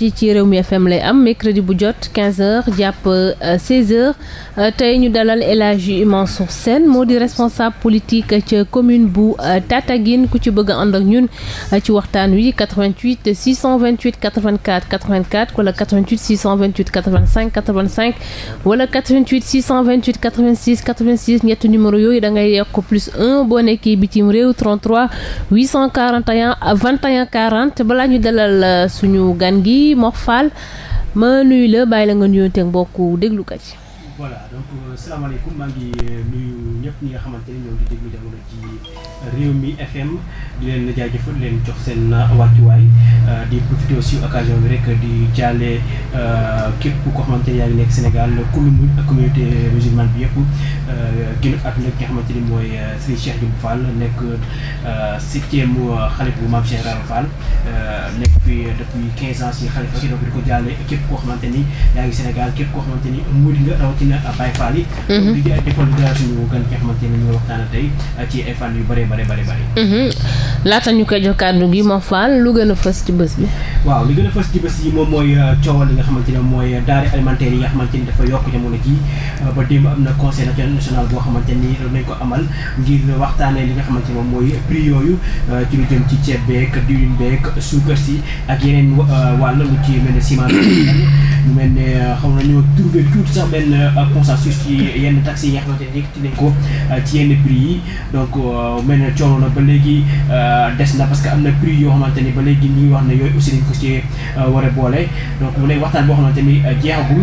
fii ci mi FM lay am mercredi bu jot 15h jàpp 16h euh, euh, tey ñu dalal El Hadji Mansour Sène moo di responsable politique ca commune bu euh, Tataguine ku ci bëgg a ak ñun ci waxtaan wi 88 628 84 84 wala 88 628 85 85 wala 88 628 86 86 ñetti numéro yooyu da ngay yokk plus 1 boo nekkee bitim réew 33 841 21 40 balaa ñu dalal suñu gan gi. bi Mor Fall ma nuyu la bàyyi la nga nuyoonte ak bokk déglukat yi. voilà donc euh, salaamaaleykum maa ngi euh, nuyu ñëpp ñi nga xamante ne ñoo ngi déglu jamono ji mi FM di leen jëfal leen jox seen uh, wàccuwaay uh, di profité aussi occasion bi rek di jàllee uh, képp koo xamante ni yaa ngi nekk Sénégal commune communauté musulmane bi yëpp ak nag ni mooy Serigne Cheikh Diouf Fall nekk septième xalifa bu Maam Cheikh Ibra nekk fi depuis quinze ans si si donc di ko jàllee képp koo xamante ni yaa ngi koo xamante ni murid rawatina Baye Fall yi mhm. di defal suñu gan nga xamante ni ñu waxtaan tey ci ay fan yu bëree bari bari bari. Mhm. laata ñu koy jox kàddu gi moo faal lu gën a fës ci bés bi. waaw li gën a fës ci bés yi moom mooy euh, coowal li nga xamante ne mooy euh, denrées alimentaires yi nga xamante ni dafa yokk jamono ji euh, ba démb am na conseil national boo xamante ni nañ ko amal ngir waxtaanee li nga xamante ne moom mooy prix yooyu ci lu jëm ci ceeb beeg diwlin beeg suukar si ak yeneen wàll lu ci mel ne ciment ñu mel ne xam nañoo trouvé tuuti sax benn consensus ci yenn taxes yi nga xamante ne yenn prix ne coono na ba léegi euh, des na parce que am na prix yoo xamante ni ba léegi ñu ngi wax ne yooyu aussi dañ ko ci euh, war a boole donc mu lay waxtaan boo xamante ni euh, jeexagul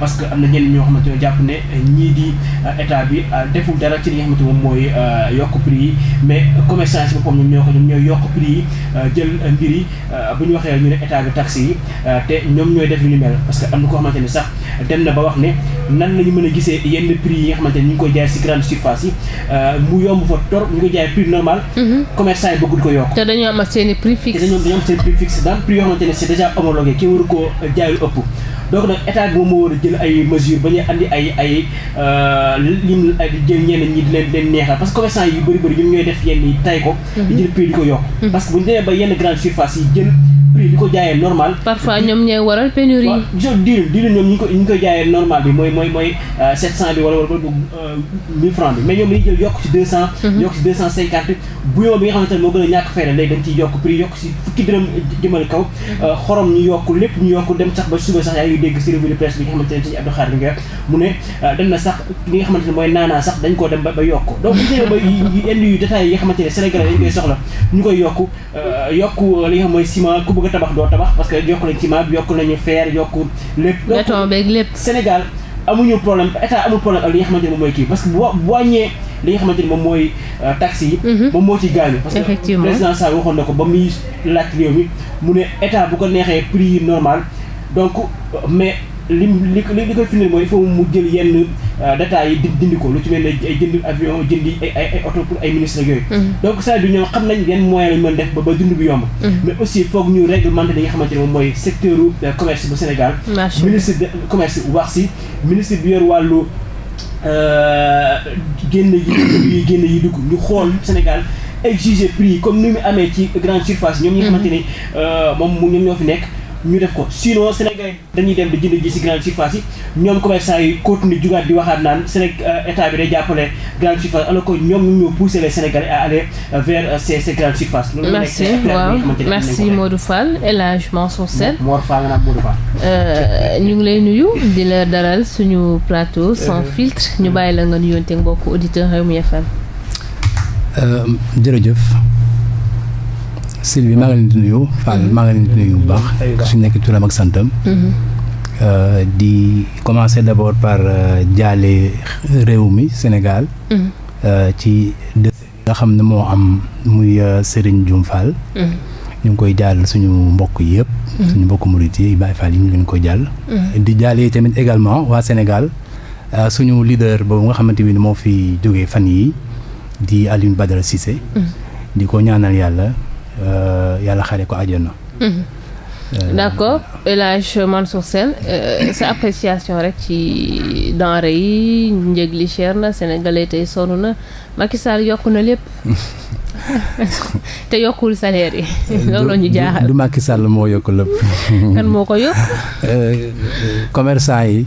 parce que am na ñenn ñoo xamante ne jàpp ne ñii di état bi deful dara ci li nga xamante moom mooy yokk prix yi mais commerçant yi si boppam ñoom ñoo ko ñoom ñooy yokk prix yi jël mbir bu ñu waxee ñu ne état bi tax yi te ñoom ñooy def yu ni mel parce que am na koo xamante ni sax dem na ba wax ne nan la ñu mën a gisee yenn prix yi nga xamante ni ñu ngi koy jaay si grande surface yi mu yomb fa tor ñu ko jaay jaayee prix normal. Mhm. commerçant yi bëgguñ ko yokk. te dañoo am seen i prix fixe. te dañoo am seen prix fixe daal ne c'est déjà homologué ki waru koo jaay ëpp. donc nag état bi moom war a jël ay mesures ba ñu andi ay ay euh, lim jël ñenn ñi leen leen neexal parce que commerçant yi yu bëri bëri ñooy def yenn tay ko. Mhm. jël prix di ko yokk. Mhm. parce que bu ñu demee ba yenn grande surface yi jël. prix bi ko jaayee normal. parfois ñoom ñooy waral pénurie. waaw disons diwlin diwlin ñoom ñu ko ñu ngi koy jaayee normal bi mooy mooy mooy 700 euh, bi wala wala ba 1000 euh, francs bi mais ñoom dañuy jël yokk ci 200. Mhm. yokk ci 250 bouillon bi nga xamante ne moo gën a ñàkk fayda léegi dañ ciy yokk prix yokk ci fukki dërëm jëmal kaw. Mhm. Euh, xorom ñu yokk lépp ñu yokk dem sax ba suba sax yaa ngi dégg ci revue de presse bi nga xamante ne ci Abdou Khadre Nguer mu ne dem na sax li nga xamante ne mooy naanaa sax dañ koo dem ba ba yokk donc bu ñu demee ba indi yu détails yi nga xamante ne Sénégalais dañ koy soxla ñu koy yokk yokk li nga xam mooy ciment ku bëgg tabax doo tabax parce que yokk nañ ciment yokk nañu fer yokk lépp. Sénégal amuñu problème état amul problème ak li nga xamante ne moom mooy kii parce que bu wàññee li nga xamante ni moom mooy euh, taxi yi. Mhm. moom moo ci gaañu. parce que président Sall waxoon na ko ba muy laaj réew mi mu ne état bu ko neexee prix normal donc euh, mais. li li koy firndeel mooy il faut mu jël yenn euh, détails yi dindi ko lu ci mel ne jënd avion jëndi ay ay oto ay ministres yooyu. Mm-hmm. donc saa bi ñoom xam nañ yan moyens lañ mën def ba ba dund bi yomb. Mm-hmm. mais aussi foog ñu réglementé li nga xamante ne moom mooy secteur euh, commerce bu Sénégal. ministre de euh, commerce wax si ministre bi yor wàllu. génn yi génn yi dugg ñu xool Sénégal exiger prix comme ni mu amee ci grande surface mm-hmm. ñoom ñi nga xamante ni moom ñoom ñoo fi nekk ñu def ko sinon Sénégal dañuy dem di jënd ji si grande surface yi ñoom commerçant yi continuer jugaat di waxaat naan Séné euh, état bi day jàppale grande surface alors que ñoom ñu ñoo pousser les Sénégalais à aller euh, vers euh, ces ces grandes surfaces. loolu merci waaw merci Modou Fall El Hadj ñu ngi lay nuyu di la dalal suñu plateau sans filtre ñu bàyyi la nga nuyoonteeg mbokku auditeurs Rewmi FM. jërëjëf. Sylvie maa ngi leen di nuyu Fall maa ngi leen di nuyu bu baax su nekk turam ak santam mhm. euh, di commencer d'abord par euh, jaale réew mi Sénégal mhm. euh, ci nga xam ne moo am muy Serigne Dioum Fall mhm. ñu ngi koy jàll suñu mbokk yëpp suñu mbokk murit yi Baye yi ñu ngi koy jàll di jaale tamit également waa Sénégal suñu leader boobu nga xamante ni moo fi jógee fan yi di Alioune Badara Cissé di ko ñaanal yàlla Euh, yàlla xare ko àjjana. Mhm. Euh, d'accord El Hadj Mansour Sène euh, sa appréciation rek ci denrée yi njëg li cher na sénégalais tey sonn na Macky Sall yokk na lépp te yokkul salaire yi. loolu ñu du Macky moo yokk lépp. kan moo ko yokk. commerçant yi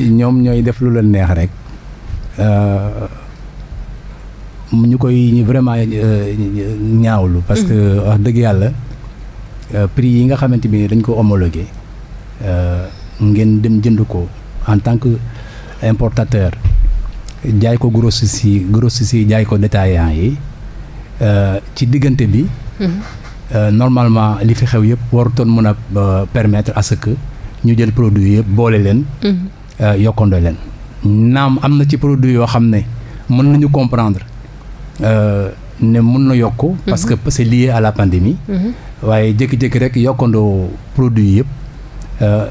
ñoom ñooy def lu la neex rek. ñu koy vraiment euh, ñaawlu parce que mm-hmm. wax dëgg yàlla euh, prix yi nga xamante bi dañ ko homologué euh, ngeen dem jënd ko en tant que importateur jaay ko grossiste si grossiste yi jaay ko détaillant yi ci diggante bi mm-hmm. normalement li fi xew yëpp warutoon mën a permettre à que ñu jël produit yëpp boole leen mm-hmm. yokkandoo leen naam am na ci produit yoo xam ne mën nañu comprendre Euh, ne mun na yokk. Mhm. parce que c'est lié à la pandémie. Mhm. waaye jékki-jékki rek yokkandoo produit yëpp euh,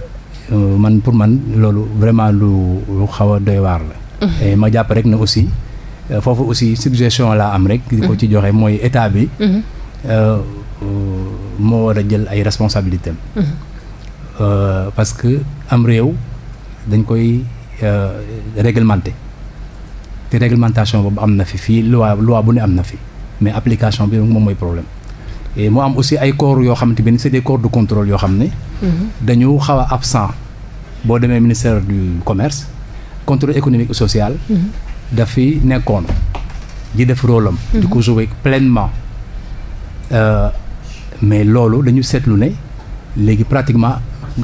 euh, man pour man loolu vraiment lu lu xaw a doy waar la. Mhm. ma jàpp rek ne aussi foofu aussi suggestion laa am rek. di ko ci joxe mooy état bi. moo war a jël ay responsabilités am. que am réew dañ koy réglementer. te réglementation boobu am na fi fii loi loi bu ne am na fi mais application bi moom mooy problème et am aussi ay corps yoo xamante bi c'est des corps de contrôle yoo xam ne mhm. dañu xaw a absent boo demee ministère du commerce contrôle économique et social mhm. dafi nekkoon di def rôle am di ko mhm. jouer pleinement euh, mais loolu dañu seetlu ne léegi pratiquement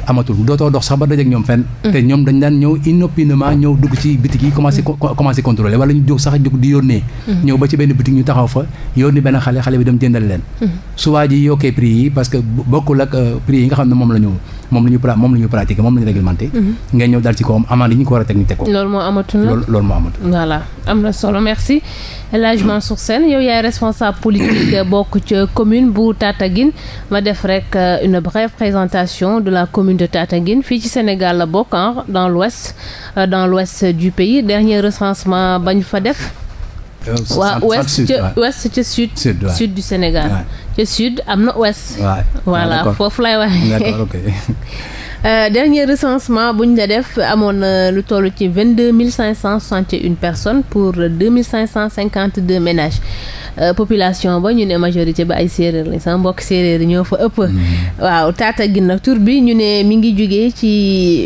amatul dootoo dox sax ba dajeek ñoom fenn mm. te ñoom dañ daan ñëw inopinément ñëw dugg ci bitik yi commencé commencé contrôler wala ñu jóg sax jóg di yónnee mm. ñëw ba ci benn bitik ñu taxaw fa yónni benn xale xale bi dem jëndal leen mm. su waa ji yokkee prix yi parce que bokkul ak euh, prix yi nga xam ne moom la ñu moom la ñu pra moom la ñu pratiqué moom la ñu réglementé. Mm-hmm. ngeen ñëw dal ci kawam amande ñu ko war a teg ñu teg ko. loolu moo amatul loolu loolu moo amatul. voilà am na solo merci élagement Hadj seen Sène yow yaay responsable politique bokk ci commune bu Tataguine ma def rek euh, une brève présentation de la commune de Tataguine fii ci Sénégal la bokk dans l'ouest euh, dans l'ouest du pays dernier recensement bañ fa def. waaw ouest ca ouest ca sud sud du Sénégal ca sud am na ouest voilà foofu lay waxee euh, dernier recensement bu ñu la def amoon na lu toll ci vingt deux mille cinq cent soixante une personnes pour deux mille cinq cent cinquante deux ménages euh, population ba ñu ne majorité ba ay séeréer lañ sama mbokk séeréer ñoo fa ëpp mm. waaw taata Tataguine nag tur bi ñu ne mi ngi jugee ci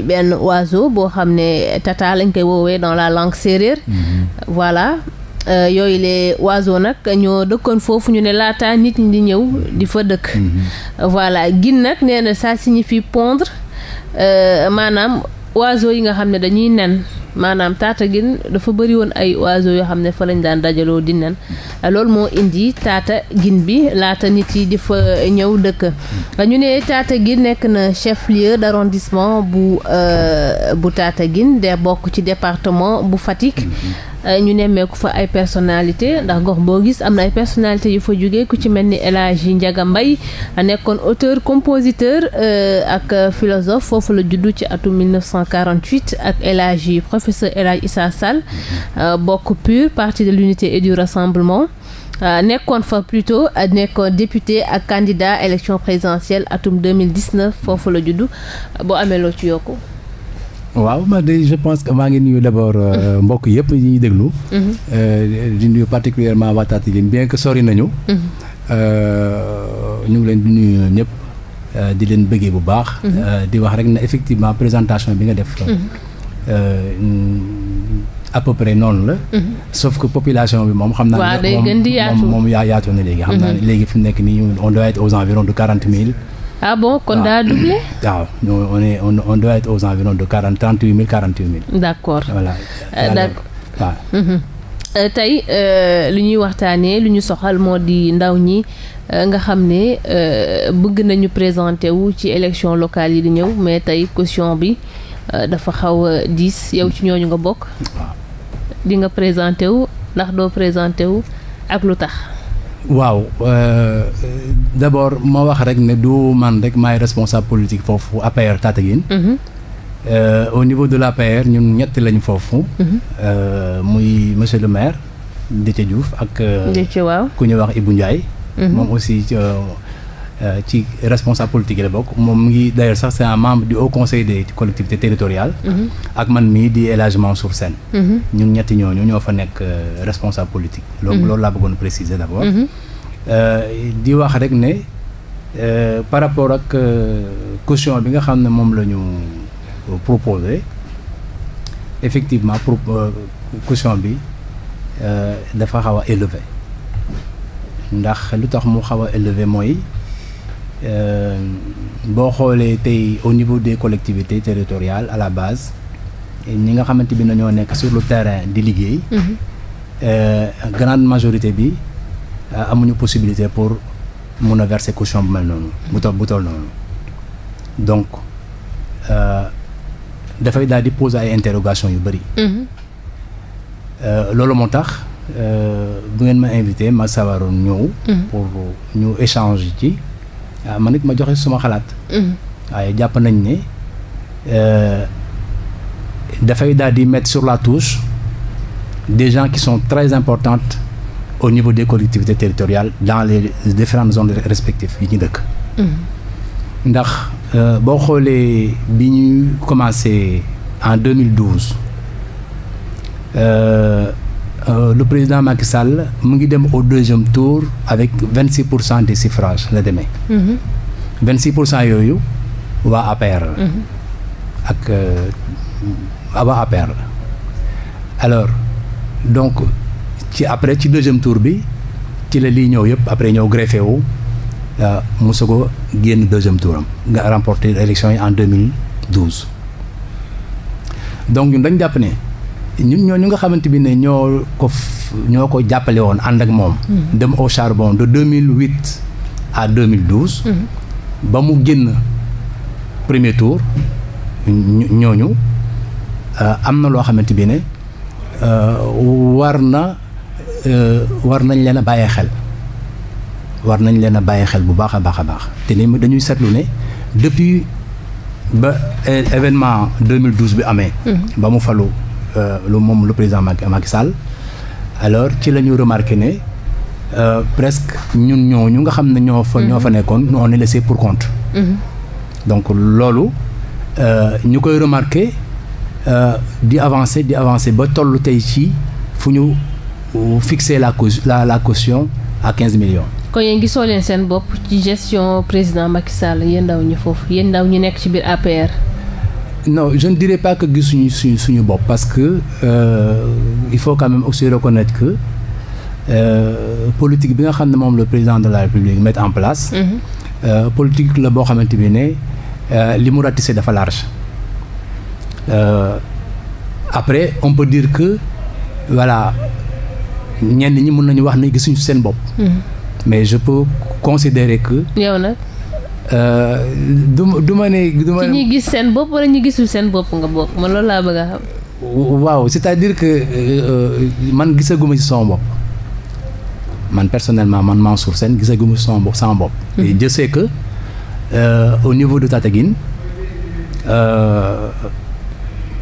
benn oiseau boo xam ne tata lañ koy woowee dans la langue séeréer mm-hmm. voilà Euh, yooyu les oiseaux nag ñoo dëkkoon foofu ñu ne laata nit ñi di ñëw di fa dëkk mhm. voilà gin nag nee na ça signifie pondre euh, maanaam oiseaux yi nga xam ne dañuy nen maanaam taata gin dafa bëri woon ay oiseaux yoo xam ne fa lañ daan dajaloo di nen euh, loolu moo indi taata gin bi laata nit yi di fa ñëw dëkk mhm. ñu ne taata gin nekk na chef lieu d' arrondissement bu bu taata gin de bokk ci département bu Fatick mhm. Euh, ñu nemmeeku fa ay personnalité ndax ngox boo gis am na ay personnalité yu fa jógee ku ci mel ni El Hadji Ndiaga Mbaye nekkoon auteur compositeur euh, ak philosophe foofu la juddu ci atum 1948 ak El Hadji professeur El Hadji Issa Sall euh, bokk PUR parti de l'unité et du rassemblement nekkoon fa plutôt nekkoon député ak candidat élection présidentielle atum 2019 foofu la juddu boo amee loo ci yokku waaw man de je pense que maa ngi nuyu d' euh, mhm. mbokk yëpp yi ñuy déglu. Mhm. Euh, di nuyu particulièrement waa Tataguine bien que sori nañu. Mhm. Euh, ñu ngi leen di nuyu ñëpp di leen bëggee bu baax. di wax rek ne effectivement présentation bi nga def. à peu noonu la. sauf que population bi moom xam naa. waaw day gën di moom moom yaa yaatu na léegi. xam naa léegi fi mu nekk nii on doit aux environs de quarante mille. ah bon kon daa doublé. waaw on est de quarante trente huit mille quarante d' accord voilà. Ah, d' accord mhm. euh, euh, lu ñuy waxtaanee lu ñu soxal moo di ndaw ñi euh, nga xam ne bëgg nañu présenté wu ci élection locale yi di ñëw mais tey caution bi dafa xaw a diis yow ci ñooñu nga bokk. di nga présenté wu ndax doo présenté wu ak lu tax. waaw euh, d'abord ma wax rek ne du man rek maay responsable politique foofu APR Tataguine. Mhm. Euh, au niveau de l'APR ñu ñett lañu foofu. Mhm. Euh, muy monsieur le maire Déthié Diouf ak. Euh, Déthié waaw ku ñu wax Ibou Ndiaye. Mhm. moom aussi. Euh, Euh, ci responsable politique yi la bokk moom mu ngi d'ailleurs sax c'est un membre du haut conseil des collectivités territoriales mm-hmm. ak man mii di élagement sur scène mm-hmm. ñun ñetti ñooñu ñoo fa nekk euh, responsable politique loolu mm-hmm. loolu laa bëggoon préciser euh, di wax rek rapport ak caution bi nga xam ne moom la ñu proposé effectivement dafa xaw a élevé ndax lu tax mu xaw a élevé mooy Euh, boo xoolee tey au niveau des collectivités territoriales à la base ñi nga xamante bi nañoo nekk sur le terrain di liggéey mhm. euh, grande majorité bi euh, amuñu possibilité pour mun a verser caution bu mel noonu bu tol bu tol noonu donc dafay daal di poser ay interrogations yu bëri mhm. loolu moo tax bu ngeen ma invité ma sawaroon ñëw mhm. pour ñu échanger ci waaw man it ma joxe suma xalaat. Mm. waaye jàpp nañ ne euh, dafay daal di mettre sur la touche des gens qui sont très importantes au niveau des collectivités territoriales dans les différentes zones respectives yi ñu dëkk. Mm. ndax euh, boo xoolee bi ñu commencé en euh, le président Macky Sall mu ngi dem au deuxième tour avec vingt six pour cent des suffrages la demee. Mhm. vingt pour cent yooyu waa APR mhm. ak euh, waa APR alors donc ci après ci deuxième tour bi ci la lii ñëw yëpp après ñëw greffé wu mu soog a génn deuxième touram nga remporté élection yi en donc ñun dañ jàpp ne. ñun ñoo ñu nga xamante bi ne ñoo ko ñoo ko jàppale woon ànd ak moom. Mm-hmm. dem au charbon de 2008 à 2012. Mm-hmm. ba mu génn premier tour ñooñu euh, am na loo xamante bi ne euh, war na euh, war nañ leen a bàyyi xel. war nañ leen a bàyyi xel bu baax a baax a baax te ni dañuy seetlu ne depuis ba événement 2012 bi amee. Mm-hmm. ba mu falu. Euh, lu moom le président Macky Sall alors ci la ñu remarqué ne euh, presque ñun ñu nga xam ne ñoo fa ñoo fa mhm. nekkoon on est pour compte mhm. donc loolu euh, ñu koy remarqué di avancer di avancer ba toll tey ci fu ñu fixer la cause la la caution à quinze millions kon yéen gisoo leen seen bopp ci gestion président Macky Sall yéen ndaw ñi foofu yéen ndaw ñi nekk ci biir APR non je ne dirais pas que ñu suñu suñu bopp parce que euh, il faut quand même aussi reconnaître que euh, bi nga xam ne moom le président de la République met en place mm politique la boo xamante bi ne euh, li mu ratissé dafa large euh, après on peut dire que voilà ñenn ñi mën nañu wax ne gisuñu seen bopp mm-hmm. mais je peux considérer que yow nag Euh, du du ma ne. du ma ci ñi gis seen bopp wala ñi gisul seen bopp nga bokk man loolu laa bëgg a xam. waaw c'est-à-dire que euh, man gisaguma ci sama bopp man personnellement man Mansour Sène gisaguma ci sama bopp sama bopp. et hmm. je sais que euh, au niveau de Tataguine euh,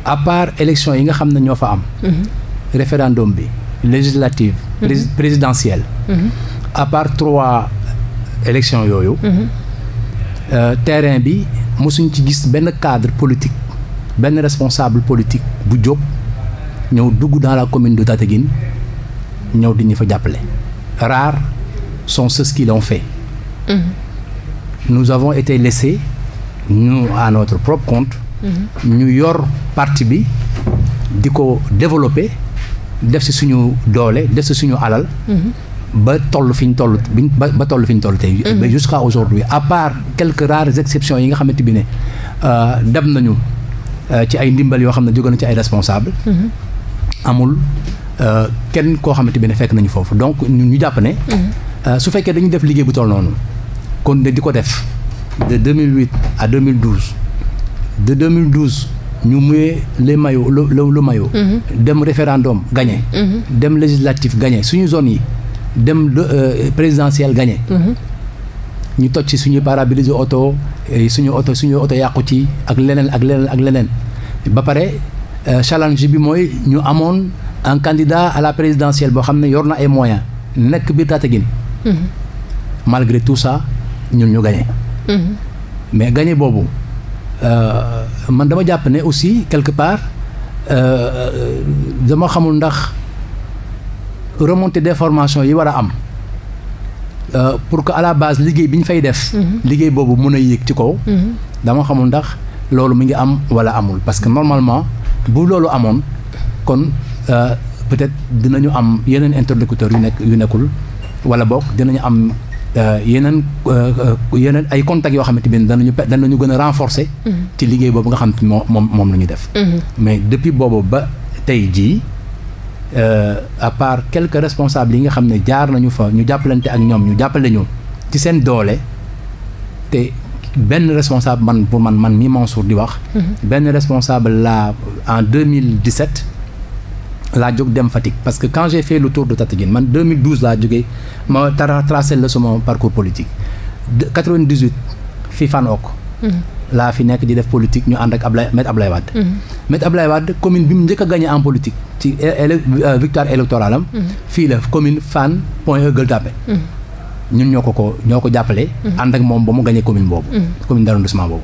à part élection yi nga xam ne ñoo fa am. Hmm. référendum bi législative. Hmm. présidentielle. à part trois élections yooyu. Euh, terrain bi mosuñ ci gis benn cadre politique benn responsable politique bu jóg ñëw dugg dans la commune de Tataguine ñëw di ñu fa jàppale. rares sont ceux qui l'ont fait. Mmh. nous avons été laissés nous à propre compte. Mm-hmm. ñu yor partie bi di ko développer def ci suñu doole def ci suñu alal. Mm-hmm. ba toll fi ñu toll bi ba toll fi ñu toll te mhm. ba jusqu'à aujourd'hui à part quelques rares yi nga xamante bi ne euh, dem nañu euh, ci ay ndimbal yoo xam ne jóge na ci ay responsable mhm. amul euh, kenn koo xamante bi ne fekk nañu foofu donc ñu jàpp ne. Mhm. su fekkee dañu def liggéey bu toll noonu. kon di ko def de 2008 à 2012 de 2012. ñu muyee les maillots le le maillot. dem référendum gagné. dem législatif gagné suñu zone yi. dem euh, présidentielle gagné. Mhm. ñu toj ci suñu parabiliser oto suñu oto suñu oto yàqu ci ak leneen ak leneen ak leneen ba pare euh, challenge bi mooy ñu amoon un candidat a la présidentielle boo xam ne yor na ay moyens nekk biir Tataguine. Mhm. malgré tout ça ñun ñu gagné. Mhm. mais gagné boobu euh, man dama jàpp ne aussi quelque part dama xamul ndax. de formation yi war a am euh, pour que à la base liggéey bi ñu fay def. Mhm. liggéey boobu mun a yéeg ci kaw. Mhm. dama xamul ndax loolu mi ngi am wala amul parce que normalement bu loolu amoon kon euh, peut-être dinañu am yeneen interlocuteurs yu nekk yu nekkul wala boog dinañu am. Euh, yeneen yeneen ay contacts yoo xam xamante ne danañu pe danañu gën a renforcer. Mhm. ci liggéey boobu nga xam moom moom la ñu def. mais depuis boobu ba tey jii Euh, à part quelques responsables yi nga xam ne jaar nañu fa ñu jàppalante ak ñoom ñu jàppale ñu ci seen doole te benn responsable man pour man man mi Mansour di wax. Mhm. benn responsable la en 2017 laa jóg dem Fatick. parce que quand j'ai fait le tour de Tataguine man 2012 laa jógee ma tra tracé le sama parcours politique 98 fii fan ok laa fi nekk di def politique ñu ànd ak Ablaye Maître Ablaye Wade. Mm-hmm. Maître Ablaye Wade commune bi mu njëkk a gagné en politique ci euh, victoire électorale am. Mm-hmm. fii la commune Fann Point E Gueule Tapée. Mm-hmm. ñun ñoo ko ko ñoo ko jàppale. ànd ak moom ba mu gagné commune boobu. commune d'arrondissement boobu.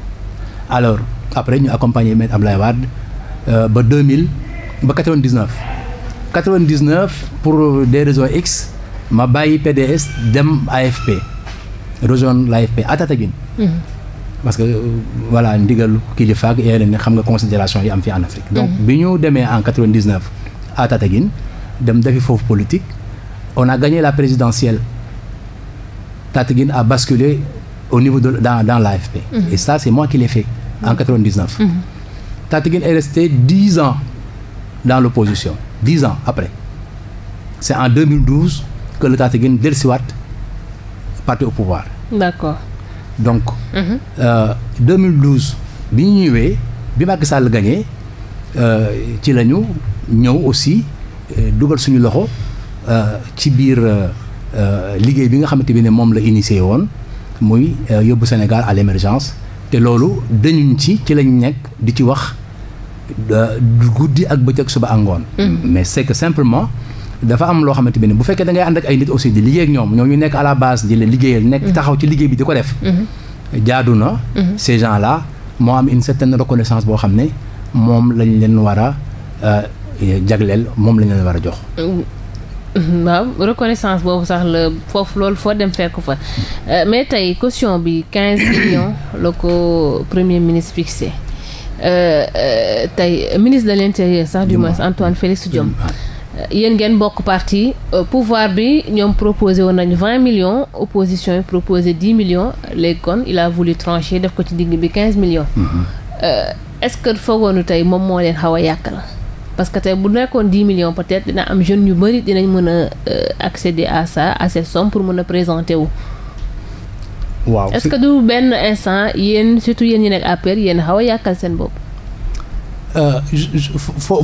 alors après ñu accompagner Maître Ablaye Wade euh, ba 2000 ba 99. 99 pour des raisons X ma bàyyi PDS dem AFP rejoindre l'AFP parce que euh, voilà ndigal kilifa ak yeneen ni xam nga considération yi am fi en Afrique donc mhm. bi ñu demee en 99 à Tataguine dem defi foofu politique on a gagné la présidentielle Tataguine a basculé au niveau de dans dans l'AFP mmh. et ça c'est moi qui l'ai fait en 99 mhm. mhm. est resté dix ans dans l'opposition dix ans après c'est en 2012 que le Tataguine dellusiwaat parti au pouvoir donc. Mm -hmm. euh, 2012 bi ñu ñëwee bi Macky Sall gagné euh, ci la ñu ñëw aussi euh, dugal suñu loxo euh, ci biir liggéey bi nga xamante bi ne moom la initié woon muy yóbbu Sénégal à l'émergence te loolu dañuñ ci ci lañ nekk di ci wax guddi ak bëccëg suba angoon mhm. mais c'est que simplement. dafa am loo xamante bi ne bu fekkee dangay ngay ànd ak ay nit aussi di liggéey ak ñoom ñoom ñu nekk à la base di la liggéeyal nekk mhm. taxaw ci liggéey bi di ko def mhm. jaadu na mhm. ces moo am une certaine reconnaissance boo xam ne moom lañ leen war a euh, jagleel moom lañ leen war a jox mmh. waaw reconnaissance boobu sax la foofu loolu foo dem fekk fa euh, mais tey caution bi quinze millions la ko premier ministre fixé euh, tey ministre de l'intérieur sax du moins Antoine Félix Diome yéen ngeen bokk parti euh, pouvoir bi ñoom proposé woon nañu vingt millions opposition yi proposé dix millions léegi kon il a voulu trancher def ko ci digg bi quinze millions. Mhm. Euh, est-ce que foogoonu tey moom moo leen xaw a yàq la parce que tey bu nekkoon dix millions peut-être dina am jeune yu bëri dinañ mën a euh, accéder à ça à cette somme pour mën a présenter wu. waaw est-ce que du benn instant yéen surtout yéen ñi nekk APR yéen xaw a yàqal seen bopp. Euh,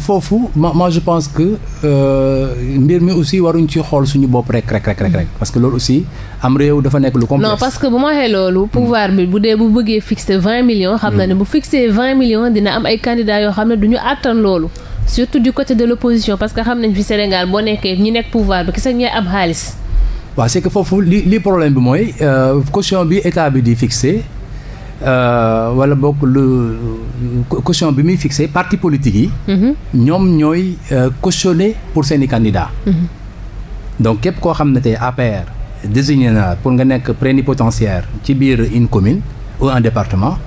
foofu ma moi je pense que euh, mbir mi aussi waruñ ci xool suñu bopp rek rek rek rek parce que loolu aussi am réew dafa nekk lu complexe. non parce que bu ma waxee loolu. Hmm. pouvoir bi bu dee bu bëggee fixer vingt xam na ne hmm. bu fixer vingt millions dina am ay candidats yoo xam ne du ñu àttan loolu. surtout du côté de l'opposition parce que xam nañ fi Sénégal boo nekkee ñi nekk pouvoir bi kese ñooy am xaalis. waaw c'est que foofu li li problème bi mooy euh, caution bi état bi di fixé. Euh, wala bokk lu caution bi muy fixé parti politique yi. Mhm. ñoom ñooy euh, cautionné pour seeni candidats. Mhm. donc képp koo xam ne te APR désigné na pour nga nekk plénipotentiaire ci biir une commune ou un département.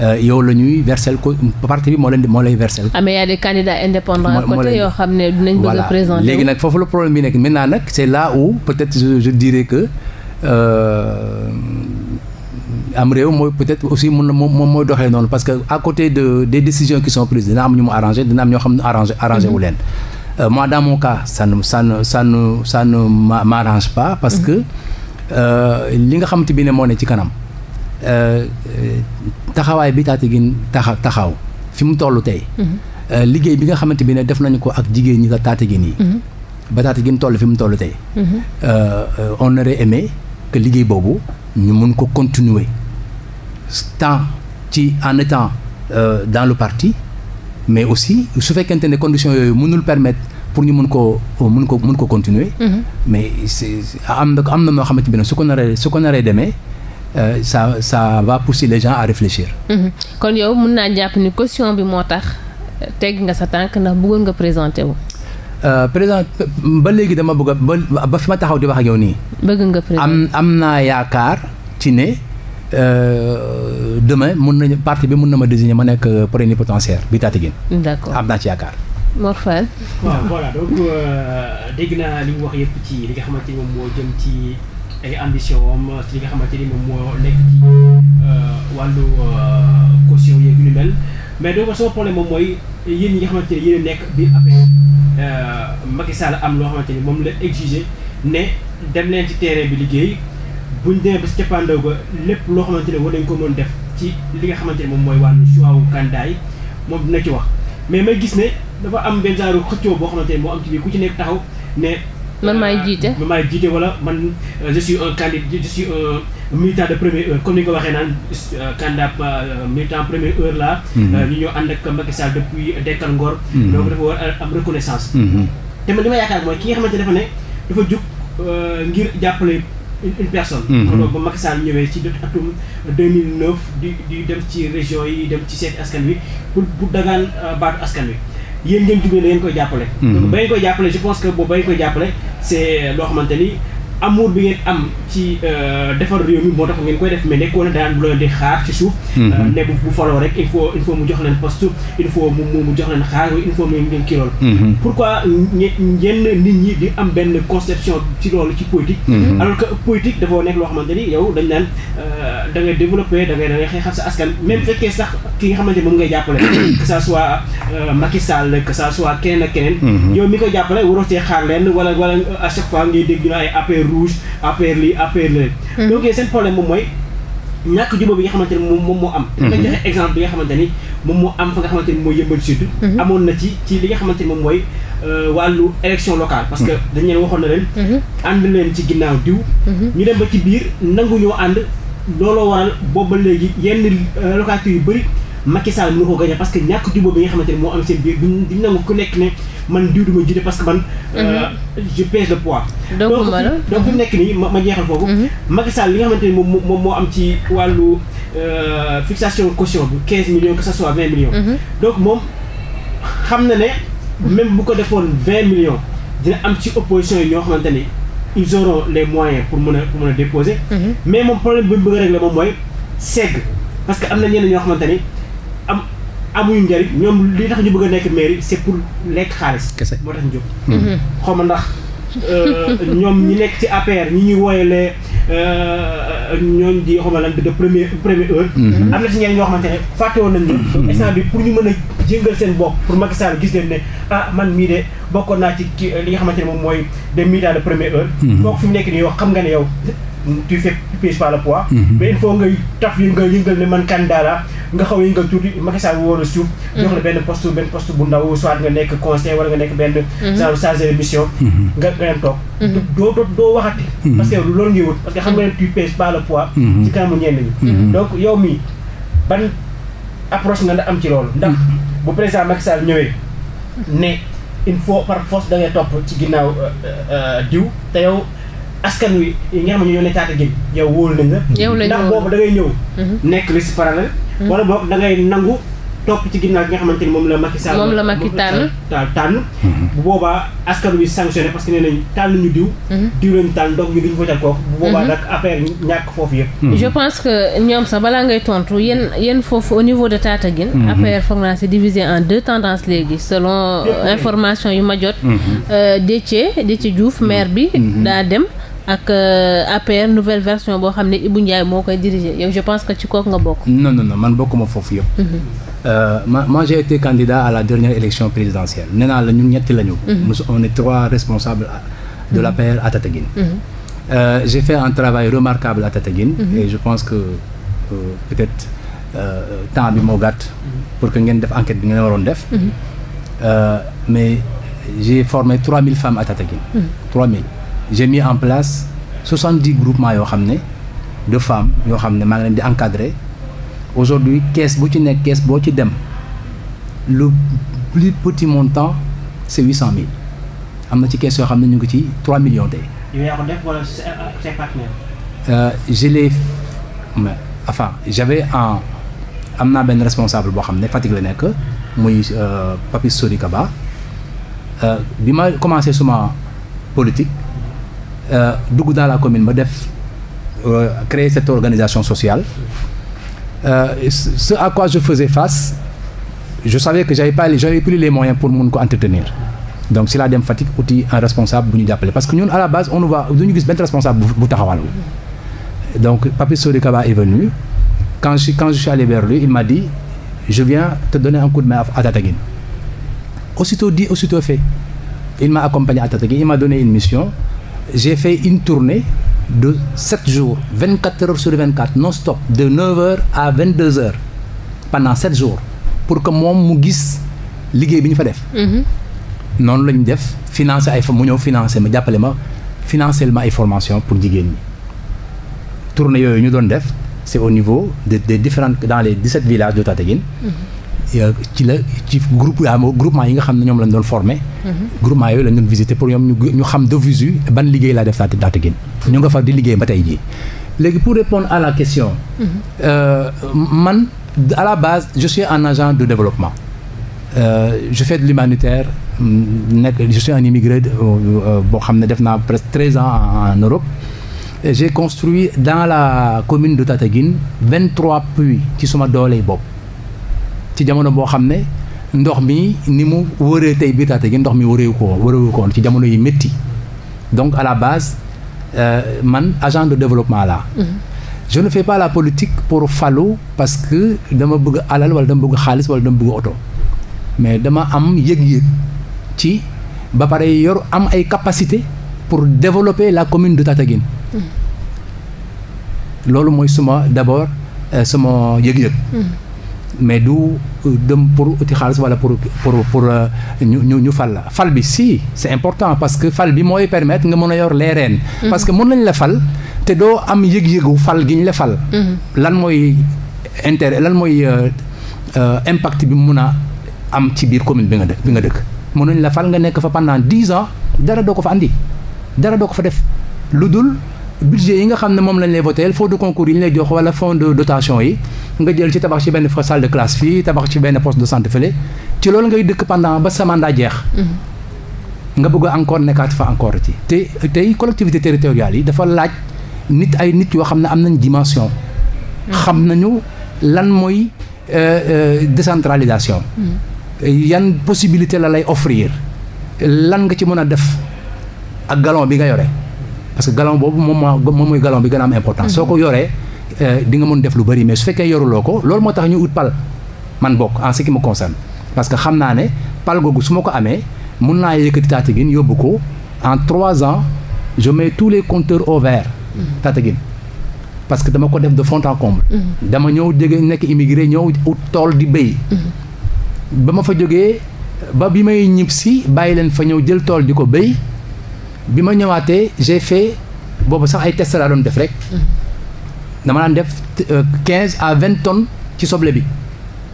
Euh, yow la ñuy versel ko parti bi moo leen moo lay versel. ah mais y a des candidats côté yoo xam ne dinañ bëgg a présenter léegi nag foofu la problème bi nekk maintenant nag c' est là où peut-être je je que. am réew mooy peut-être aussi mun na moo moom mooy doxee noonu parce que à côté de des décisions qui sont prises dina am ñu mu arrangé dina am ñoo xam ne arrangé wu mhm. leen euh, moi dans mon cas ça ne ça ne ça ne ça ne m'arrange pas parce mhm. que euh, li nga xamante bi ne moo ne ci kanam euh, taxawaay bi Tataguine taxa taxaw fi mu toll tey mhm. liggéey bi nga xamante bi ne def nañu ko ak jigéen ñi nga Tataguine yi ba Tataguine toll fi mu toll tey on aurait aimé que liggéey boobu ñu mun ko continuer tant ci en étant euh, dans le parti mais aussi su fekkente ne conditions yooyu mënul permettre pour ñu mën koo mën ko mën ko continuer mhm. mais c'est am na na noo xamante bi ne su ko naree su ko naree demee euh, ça ça va pousser les gens à réfléchir mhm. kon yow mën naa jàpp ni caution bi moo tax euh, tegg nga sa tànk ndax bëggoon nga présenté wu euh, président ba léegi dama bëgg ba ba fi ma taxaw di wax ak yow nii bëgg nga présenté am naa yaakaar ci ne Euh, demain mun nañu parti bi mun na ma désigner ma nekk euh, plénipotentiaire bi Tataguine. d'accord am naa ci yaakaar. Mor Fall. waaw voilà donc euh, dégg naa li mu wax yëpp ci li nga xamante ni moom moo jëm ci ay ambition am nga xamante ni moom moo nekk ci wàllu caution yeeg yu ni mel mais donc sama problème moom mooy yéen ñi nga xamante ni yéen nekk biir après Macky am loo xamante ni moom la exiger ne dem leen ci terrain bi liggéey. buñ demee ba si cappaandaw ga lépp loo xamante ne war nañ ko mën def ci li nga xamante ne moom mooy wàllu choix wu candidat yi moom dina ci wax mais may gis ne dafa am benn genre xëccoo boo xamante ne moo am ci ku ci nekk taxaw ne. man maay jiite man maay jiite wala man euh, je un candidat je suis un militant de première ni ko waxee naan euh, candidat euh, militant première heure la mhm. ñu ñoo ànd ak Macky Sall depuis Dekkal Ngor. Mhm. donc dafa war a am reconnaissance. Mhm. te man li ma yaakaar mooy ki nga xamante ne dafa ne dafa jug ngir jàppale. une personne. Mhm. ba Macky Sall ñëwee ci atum 2009 di di dem ci région yi dem ci seet askan wi pour pour dagaan euh, baatu askan wi yéen ngeen jugee da ngeen koy jàppale. Mhm. donc ba ngeen koy jàppale je pense que boobu ba ngeen koy jàppale c' loo xamante ni. amour bi ngeen am ci euh, defar réew mi moo tax ngeen koy def mais nekkoon na daan bu leen di xaar ci suuf. Mhm. Euh, ne bu bu am benn conception ci loolu ci politique. Mhm. alors que politique dafa nekk loo xamante ni dañ naan euh, da ngay développé da ngay da ngay xeexal sa askan. même fekkee sax ki nga xamante ni moom ngay jàppale. que ça soit Macky Sall que ça soit keneen ak keneen. see mhm. xaar leen wala wala à chaque fois ngay dégg ñu ay affaire rouge affaire lii affaire la mm-hmm. donc seen problème moom mooy ñàkk jubóo bi nga xamante ni moom moo am danga mm-hmm. joxe exemple bi nga xamante ni moom moo am fa nga xamante ni mooy yëmbal sud mm-hmm. amoon na ci ci li nga xamante ni moom mooy euh, wàllu élection locale parce que dañ leen waxoon na leen ànd leen ci ginnaaw diw ñu dem ba ci biir nangu ñoo ànd looloo waral booba léegi yenn euh, localité yu bëri Macky Sall ko gagné parce que ñàkk jubóo bi nga xamante ne moo am seen biir duñ duñ nangu ku nekk ne man diw du ma jiite parce que man. Mhm. Euh, je pèse le poids. donc donc fi mu nekk nii ma ma jeexal foofu. Mhm. Macky Sall li nga xamante ne moom moom moo am ci wàllu euh, fixation caution bu 15 millions que ça soit 20 millions. Mhm. donc moom xam na ne. même bu ko defoon 20 millions dina am ci opposition yi ñoo xamante ni ils les moyens pour mën a pour mën a déposer. mais moom problème bi ñu bëgg a régler moom mooy segg parce que am na ñenn ñoo xamante ni. am amuñu njariñ ñoom li tax ñu bëgg a nekk mairie c' est pour lekk xaalis. kese moo tax ñu jóg. Mm-hmm. Mm-hmm. xaw ma ndax euh, ñoom ñi nekk ci APR ñi ñuy wooyalee euh, ñooñu di xaw ma mm-hmm. na ci ñoo xamante ne fàtte woon nañu ne. instant bi pour ñu mën a jëngal seen bopp pour Macky Sall gis leen ne ah man mii de bokkoon naa ci ki li nga xamante ne moom mooy de militants de première heure. kooku fi mu nekk nii yow xam nga ne yow. tu fais tu pèses pas le poids. Mm-hmm. mais il faut ngay taf yëngal yëngal ne man candidat la nga xaw a yëngal tuuti Macky Sall woo la suuf. Mm-hmm. jox la benn poste benn poste bu ndaw soit nga nekk conseil wala nga nekk benn. Mm-hmm. genre chargé de mission. nga nga leen toog. doo doo doo waxati. parce que loolu ngay wut parce que xam nga ne tu pèses pas le poids. ci kanamu ñenn ñi. donc yow mii ban approche nga am ci loolu. ndax bu président Macky Sall ñëwee ne il faut par force da ngay topp ci ginnaaw euh, euh, euh, diw te yow. askan wi yi nga xam ne ñoo ne caata gi yow wóolu nañ la. yow la ndax boobu da ñëw. Mhm. nekk liste parallèle. Mhm. wala boog da nangu topp ci ginnaaw bi nga xamante ni moom la Macky Sall. moom la Macky tànn tànn. Mhm. bu boobaa askan wi sanctionné parce que nee nañ tànn ñu diw. diw lañ tànn donc ñu duñ votal kooku. bu boobaa nag affaire yi ñàkk foofu yëpp. je pense que ñoom sax balaa ngay tontu yéen yéen foofu au niveau de Tataguine. affaire foog naa c'est divisé en deux léegi selon information yu ma jot. Euh, Déthié Déthié maire bi daa ak euh, APR nouvelle version boo xam ne Ibou Ndiaye moo koy diriger yow je pense que ci kook nga bokk. non non non man bokkuma foofu yëpp. Mhm. Euh, ma man j'ai été candidat à la dernière élection présidentielle nee naa la ñun ñetti la ñu. Mhm. nous on est trois responsables de mhm. l'APR à Tataguine. Euh, j'ai fait un travail remarquable à Tataguine. Mm et je pense que euh, peut-être temps bi moo gàtt. pour que ngeen def enquête bi ngeen waroon def. mais j'ai formé 3000 femmes à Tataguine. j'ai mis en place soixante-dix groupement yoo xam ne de femmes yoo xam ne maa ngi leen di encadrer aujourd'hui kees bu ci nekk kees boo ci dem le plus petit montant c'est huit cent mille am na ci kees yoo xam ne ñu ngi ci trois millions tey. yow yaa ko def wala euh, je l'ai enfin j'avais en am naa benn responsable boo xam ne Fatick la nekk muy euh, Papis Sori Kaba euh, bi ma commencé suma politique. Euh, dugg dans la commune ba def euh, créer cette organisation sociale euh, ce à quoi je faisais face je savais que j'avais pas j'avais plus les moyens pour mun ko entretenir donc si laa dem Fatick uti un responsable bu ñu jàppale parce que ñun la base on nous va du ñu gis benn responsable bu taxawal donc Papis Sori Kaba est venu quand je quand suis allé vers lui il m'a dit je viens te donner un coup de main à Tataguine aussitôt dit aussitôt fait il m'a accompagné mission j'ai fait une tournée de 7 jours, 24 heures sur 24, non-stop, de 9h à 22h, pendant 7 jours, pour que moom mu gis liggéey bi ñu fa def. Mhm. noonu la ñu def financé ay mu ñëw financé ma jàppale ma financé ma ay formation pour jigéen ñi. tournée yooyu ñu doon def c'est au niveau de des différentes dans les 17 villages de Tataguine. Mm ci la ci groupe groupement yi nga xam ne ñoom lañ doon formé. Mhm. groupement yooyu lañ doon visité pour ñoom ñu ñu xam de visu ban liggéey la def daata Tataguine ñu nga fa di liggéey ba tey jii léegi pour répondre à la question. Mhm. Euh, man à la base je suis un agent de développement. Euh, je fais de l'humanitaire mm, nekk je suis un immigré euh, euh, boo xam ne def naa presque treize ans en Europe j'ai construit dans la commune de Tataguine vingt-trois puits ci suma dooley bopp ci jamono boo xam ne ndox mi ni mu wëree tey biir gi ndox mi wëreewu koo wëreewu ko ci jamono yi métti donc à la base euh, man agent de développement laa. Mm-hmm. je ne fais pas la politique pour falu parce que dama bëgg alal wala dama bëgg xaalis wala dama bëgg oto mais dama am yëg-yëg ci ba pare yor am ay capacité pour développer la commune de Tataguine mm-hmm. loolu mooy suma d'abord euh, sama yëg-yëg mm-hmm. mais du euh, dem pour uti xaalis wala pour pour pour euh, ñu ñu ñu fal la fal bi si c'est important parce que fal bi mooy permettre nga mën a yor lee reen mhm. parce que mën nañ la fal te doo am yëg-yëgu fal gi ñu la fal mhm. lan mooy intérêt lan mooy euh, impact bi mun a am ci biir commune bi nga dëkk bi nga dëkk mën nañ la fal nga nekk fa pendant dix ans dara doo ko fa andi dara doo ko fa def lu dul budget yi nga xam ne moom lañ lay voté fonds de concours yi ñu lay jox wala fonds dotation yi nga jël ci tabax ci benn salle de classe fii tabax ci benn poste de santé fële ci loolu ngay dëkk pendant ba sa jeex. Mhm. nga bëgg encore nekkaat fa encore ci. te tey collectivité territoriale yi dafa laaj nit ay nit yoo xam ne am nañ dimension. Mhm. xam nañu lan mooy euh, euh, décentralisation. Mhm. yan possibilité la lay offrir. lan nga ci mën a def ak galon bi nga yore parce que galon boobu moom moo moom mooy galon bi gën a am importance. soo ko yoree. Euh, di nga mën def lu bari mais su fekkee yoruloo ko loolu moo tax ñu ut pal man bokk en ce qui me concerne parce que xam naa ne pal googu su ma ko amee mun naa yëkkati Tataguine yóbbu ko en trois ans je mets les compteurs au vert mm-hmm. Tataguine parce que dama ko def de fond en mm-hmm. dama ñëw dégg nekk immigré ñëw ut tool di béy mm-hmm. ba ma fa jógee ba bi may ñib si bàyyi leen fa ñëw jël tool di ko béy bi ma ñëwaatee j'ai boobu sax ay test laa doon def rek dama daan def euh, quinze à vingt tonnes ci soble bi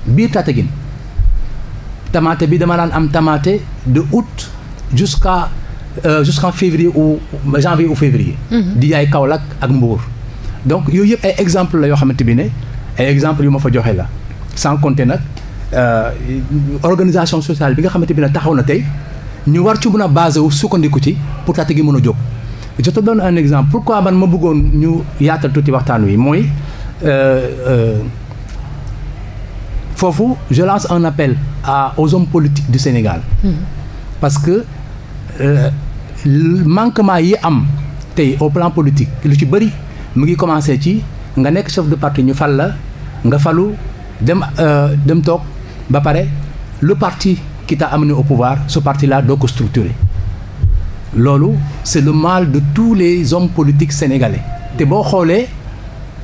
biir Tataguine tamaate bi dama daan am tamaate de août jusqu'à euh, jusqu'en février ou janvier ou février mhm. di jaay Kaolack ak Mbour donc yooyu yëpp ay exemple la yoo xamante bi ne ay exemple yu ma fa joxe la sans compter nag euh, organisation sociale bi nga xamante bi ne taxaw na tey ñu war ci mën a basé wu sukkandiku ci pour gi mën a jóg jot te donne un exemple pourquoi man ma bëggoon ñu yaatal tuuti waxtaan wi mooy euh, euh, foofu je lance un appel à aux hommes politiques du Sénégal. Hmm. parce que euh, manquement yi am tey au plan politique lu ci bëri mu ngi commencé ci nga nekk chef de parti ñu fal la nga falu dem dem toog ba pare le parti qui t'a amené au pouvoir ce parti là doo ko structuré. loolu c'est le mal de tous les hommes politiques sénégalais te boo xoolee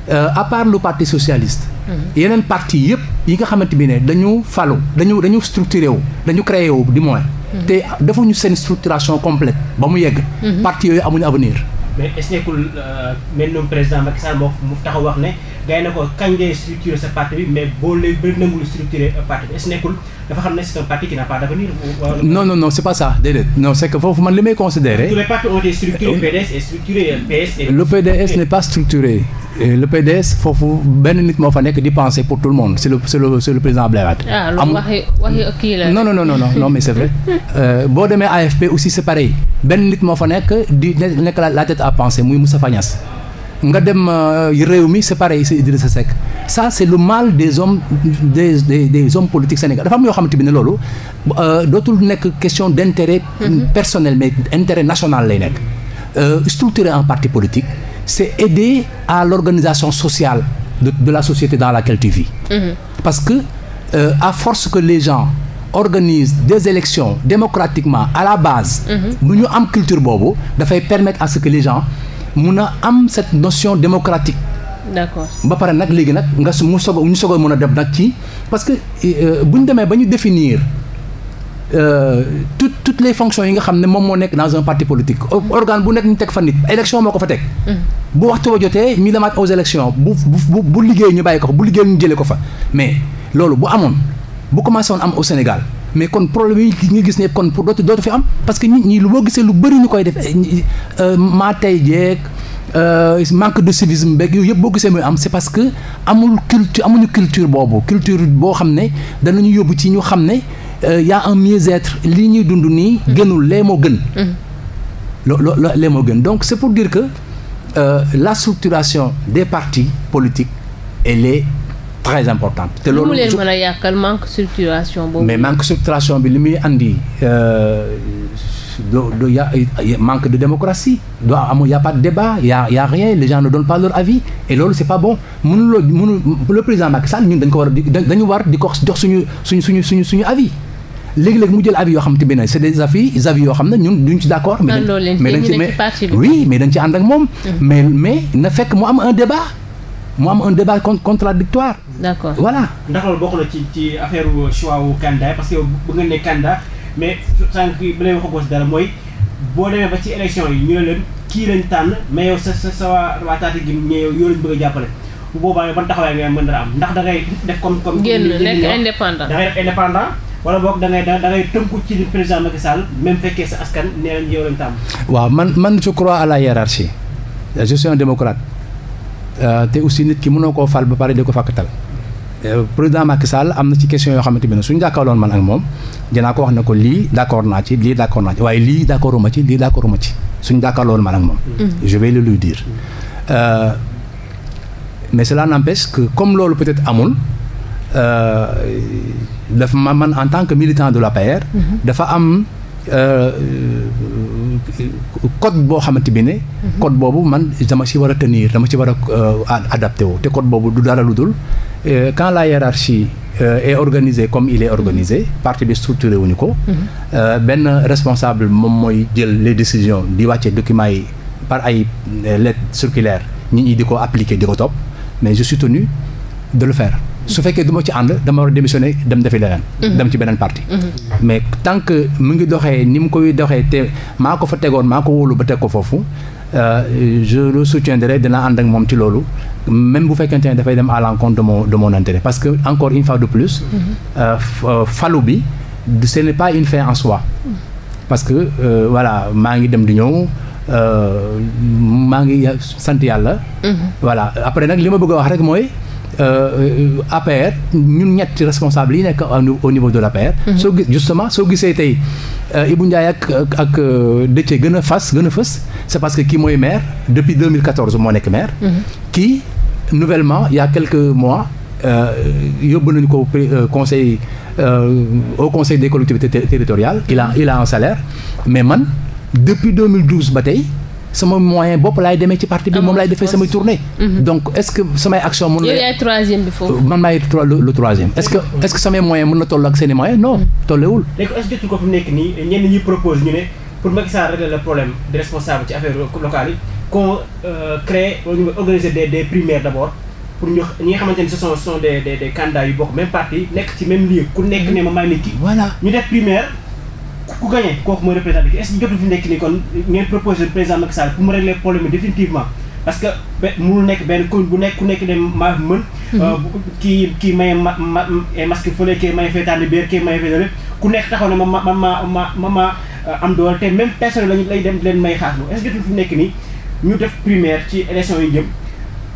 euh, à part le parti socialiste mhm. yeneen parti yëpp yi nga xamante bi ne dañu falu dañu dañu structuré wu dañu créé wu du moins mhm. te defuñu seen structuration complète ba mu yegg mhm. parti yooyu amuñu avenir mais est-ce ul nekkul mel noonu président Macky Sall moo taxaw wax ne gars ko kañ ngay structuré sa parti bi mais boo léegi bëri nangul structuré parti bi est-ce nekkul dafa xam ne c'est un parti qui n'a pas d'avenir non non man li may considéré tous les partis ont été structurés foofu benn nit moo fa nekk di penser pour tout le monde c'est le c'est le kii ah, la. non non non non non mais c'est vrai euh, boo demee AFP aussi c'est pareil benn nit moo fa nekk di nekk la tête à penser muy musa Niasse. nga dem euh, réew mi c'est pareil c'est Idrissa Seck ça c'est le mal des hommes des des, des hommes politiques sénégalais dafa am yoo xamante bi ne loolu euh, dootul nekk question d'intérêt mhm. personnel mais intérêt national lay nekk euh, structurer un parti politique c'est aider à l'organisation sociale de de la société dans laquelle tu vis mhm. parce que à force que les gens organise des élections démocratiquement à la base. Mhm. bu ñu am culture boobu dafay permettre à ce que les gens mun a am cette notion démocratique. d'accord ba pare nag léegi nag nga mu soog ñu soog a mën a dem nag ci parce que euh, bu ñu demee ba ñu définir euh, toutes toutes les fonctions yi nga xam ne moom moo nekk dans un parti politique organe bu nekk ñu teg fa nit élection moo ko fa teg. Mm. bu waxtu ba jotee ñu demaat aux élections bu bu bu liggéey ñu bàyyi ko fa bu liggéey ñu jëlee ko fa mais loolu bu amoon bu commencé woon am au Sénégal. mais kon problème yi ñu gis ne kon pour dootu dootu fi am parce que nit ñi lu boo gisee lu bëri ñu koy def eh, euh, maa tey jeeg euh, manque de civisme beeg yooyu yëpp boo gisee muy am c'est parce que amul culture amuñu culture boobu culture boo xam ne danañu yóbbu ci ñu xam ne euh, y'a un mieux-être lii ñuy dund nii gënul lee moo gën mm-hmm. lo lo lee moo gën donc c'est pour dire que euh, la structuration des partis politiques elle est très importante. te loolu leen mën a manque structuration boobu. mais manque structuration bi li muy andi euh, do do ya manque de démocratie do amoo y' pas de débat y' a y' a rien les gens ne donnent dañ ko war di dañu war di ko jox suñu suñu suñu suñu suñu mu jël avis yoo xam te bi ne c'est des avis des avis yoo xam ne ñun duñ ci d'accord mais dañ ci mais ak moom mm-hmm. mais na fekk mu am un débat mu am un débat contradictoire d' accord voilà. ndax loolu bokk na ci ci affaire choix wu candidat parce que yow bu ngeen mooy boo demee ba ci élection yi ñu ne leen kii lañ mais yow sa sa sa waa waa taati gi mais leen bëgg a jàppale bu boobaa ban taxawaay ngay mën dara am ndax da ngay def comme comme. génn nekk indépendant da ngay indépendant. wala boog da ngay da tënku ci président Macky Sall même fekkee sa askan nee nañ yow lañ tàmm. waaw man man je crois à la hiérarchie je euh, te aussi nit ki mënoo ko fal ba pare di ko fàkkatal. Euh, président Macky Sall am na ci question yoo xamante bi ne suñu jàkkaarloon man ak moom dinaa ko wax ne ko lii d' accord naa ci lii d' accord naa ci waaye lii d' ma ci lii d' ma ci suñu jàkkaarloon man ak moom. Mm. je vais le lui dire. Euh, mais cela n' comme loolu peut être amul euh, dafa ma man en tant que militant de l'APR. Mm-hmm. dafa am. code boo xamante bi ne. Mhm. code boobu man dama ci war a tenir dama ci war a euh, adapté wu te code boobu du dara lu dul euh, quand la hiérarchie euh, est organisée comme il est organisé parti bi structuré wuñu ko. Mhm. benn responsable moom mooy jël les décisions di wàcce document yi par ay lettres circulaires ñi ñi di ko appliquer di ko topp mais je suis tenu de le faire. su fekkee du ma ci ànd dama war a démissionner dem defi leneen. Mhm. dem ci beneen parti. Mhm. mais tant que mu ngi doxee ni mu koy doxee te maa ko fa tegoon maa ko wóolu ba teg ko foofu euh, je le soutiendrai dinaa ànd ak moom ci loolu même bu fekkente ne dafay dem à l'encontre de mon de mon intérêt parce que encore une fois de plus. Mhm. Euh, euh, falu bi ce n'est pas une fin en soi. parce que euh, voilà maa ngi dem di ñëw. maa ngi sant yàlla. voilà après nag li ma bëgg a wax rek mooy. Euh, euh, APR ñun ñetti responsable yi nekk au niveau de la l'APR. Mhm. soo gis justement soo gisee tey euh, Ibou Ndiaye ak ak Déthié gën a fas gën a fës c'est parce que kii mooy maire depuis 2014 moo nekk maire. Mhm. kii nouvellement il y a quelques mois yóbbu nañu ko conseil au conseil des collectivités territoriales. il a il a un mais man depuis 2012 ba tey. sama moyen bopp laay demee ci parti bi moom laay defee samay tournée. Mhm. donc est samay action mun na. yow bi foofu. man maay le troisième est est samay moyen mun na toll ak seen i moyen non mhm. tollewul. léegi jotul ko fi mu nekk nii ñenn ñi propose ñu ne pour Macky Sall régler problème de responsable ci affaire locale yi qu'on euh, crée ñu organiser des des primaires d' abord. pour ñu ñi xamante ni ce sont ce sont des des des candidats bokk même parti nekk ci même lieu ku gagné kooku mooy représenté ki est ce fi nekk nii kon ngeen proposé président Macky Sall pour mu régler problème bi définitivement parce que mënul nekk benn commune bu nekk ku nekk dem maa mën. Mhm. Euh, kii kii may ma ma e masque fële kii may feetaani biir kii may feetaani lépp ku nekk taxaw ne ma ma ma ma ma euh, am doole te même personne lañu lay dem leen may xaas est jotul fi nekk nii ñu def primaire ci élection yi jëm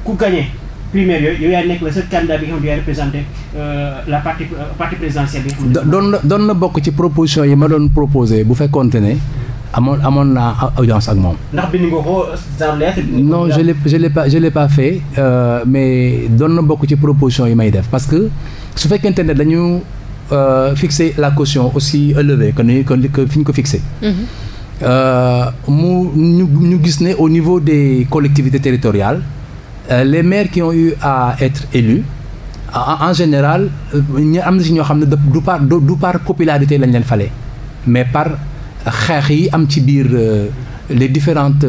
ku gagné. primaire yooyu yow yaay nekk le seul candidat bi nga xam ne représenté euh, la parti euh, doon doon na bokk ci proposition yi ma doon proposé bu fekkoonte ne amoon amoon naa audience ak moom. ndax bind nga ko genre lettre. non je l'ai pas fait euh, mais doon na bokk ci proposition yi may def parce que su fekkente ne dañu fixe la caution aussi élevée que ni que fi ñu ko fixé. Mm-hmm. mu ñu ñu gis ne au niveau des collectivité territoriales. Euh, les maires qui ont eu à être élus en général euh, ñu am na si ñoo xam ne du par du par popularité lañ leen fale mais par xeex yi am ci biir euh, les différentes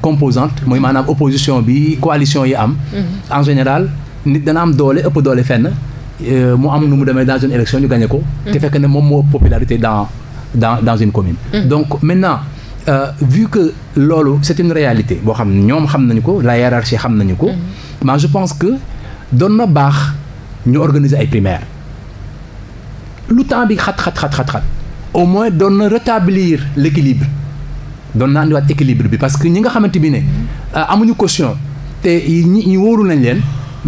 composantes mooy maanaam opposition bi coalition yi am mhm. en général nit dana am doole ëpp doole fenn mu am nu mu demee dans une élection ñu gagné ko mhm. te fekk ne moom moo popularité dans dans dans une commune mhm. donc maintenant Euh, vu que loolu c'est une réalité boo xam ne ñoom xam nañu ko la hiérarchie xam nañu ko mhm. mais je pense que doon na baax ñu organiser ay primaires lu temps bi xat xat xat xat au moins doon na rétablir l'équilibre doon na andiwaat équilibre bi parce que ñi nga xamante bi ne euh, amuñu caution te ñi wóoru nañ leen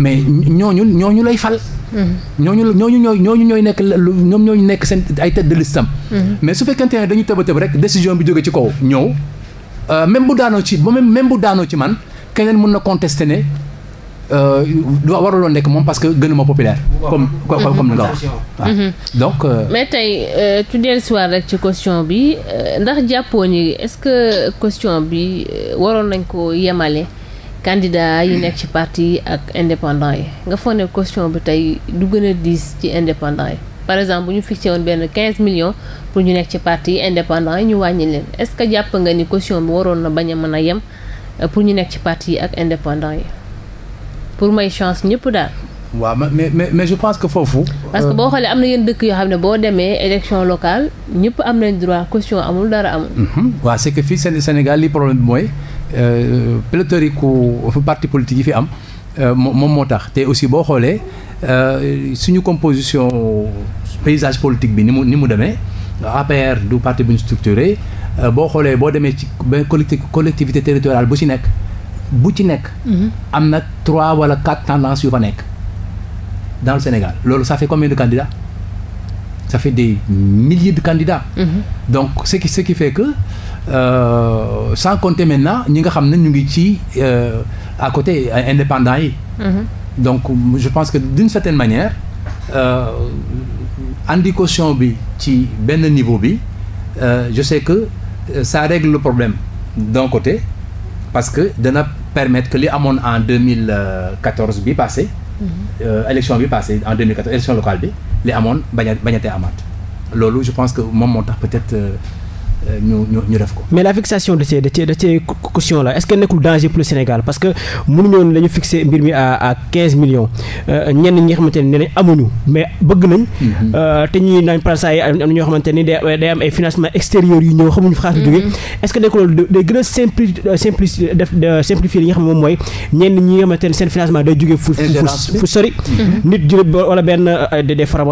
mais ñooñu ñooñu lay fal. Mm-hmm. ñooñu ñooñu ñooy ñooñu ñooy nekk lu ñoom ñooñu nekk seen ay tête de listam mm-hmm. mais su fekkente ne dañu tëb a tëb rek décision bi jóge ci kaw ñëw euh, même bu daanoo ci même même bu daanoo ci man keneen mën na contester ne euh, waruloon nekk moom parce que gënuma populaire. comme comme ni nga wax donc. Euh, mais tey tu dellusiwaat rek ci question bi ndax jàppoo ni est-ce que question bi waroon nañ ko yemale. candidat yi nekk ci parti yi ak indépendant yi nga foog ne caution bi tey du gën a diis ci indépendant yi par exemple bu ñu fixé woon benn quinze millions pour ñu nekk ci parti yi indépendant yi ñu wàññi leen ce que jàpp nga ni caution bi waroon na bañ a mën a yem euh, pour ñu nekk ci parti yi ak indépendant yi pour may chance ñëpp daal. waaw mais mais mais je pense que foofu. Euh, parce que boo xoolee am na yenn dëkk yoo xam ne boo demee élection locale ñëpp am nañ droit caution amul dara amul. Mhm. waaw c'est que fii Sénégal li problème mooy. Euh, pléthorique ku parti politique yi fi am euh, moom moo tax te aussi boo xoolee euh, suñu composition paysage politique bi ni mu ni mu demee APR du parti bu ñu structuré boo xoolee boo demee ci benn collectivité territoriale bu ci nekk bu ci nekk. Mhm. am na trois wala quatre tendances yu fa nekk dans le Sénégal loolu ça fait combien de candidats. ça fait des milliers de candidats. Mm -hmm. donc ce qui ce qui fait que euh, sans compter maintenant ñi nga xam ne ñu ngi ci euh, à côté indépendants yi. Mhm. donc je pense que d'une certaine manière euh, andi caution bi ci benn niveau bi euh, je sais que ça règle le problème d'un côté parce que dana permettre que li amoon en 2014 bi passé. Euh, élection bi passé en 2014 élection locale bi li amoon bañ a bañatee amaat loolu je pense que moom moo tax peut-être. Euh, ñu ñu ñu mais la fixation de ces de ces de ces caution est ce que nekkul danger pour le Sénégal parce que mënuñu woon la ñu fixé mbir mi à quinze millions euh, ñenn ñi nga ne nañ amuñu mais bëgg nañ. Mhm. Euh, te ñuy naan par saa yi am na ñoo xamante ni day am ay financement extérieur yu ñëw xamuñu xaalis jógee mhm. est ce que nekkul day gën a simpli simpli def simplifier li nga xam moom mooy ñenn ñi nga xamante ne seen financement day jógee. fu fu sori. Mhm. nit juróom wala benn euh, des des francs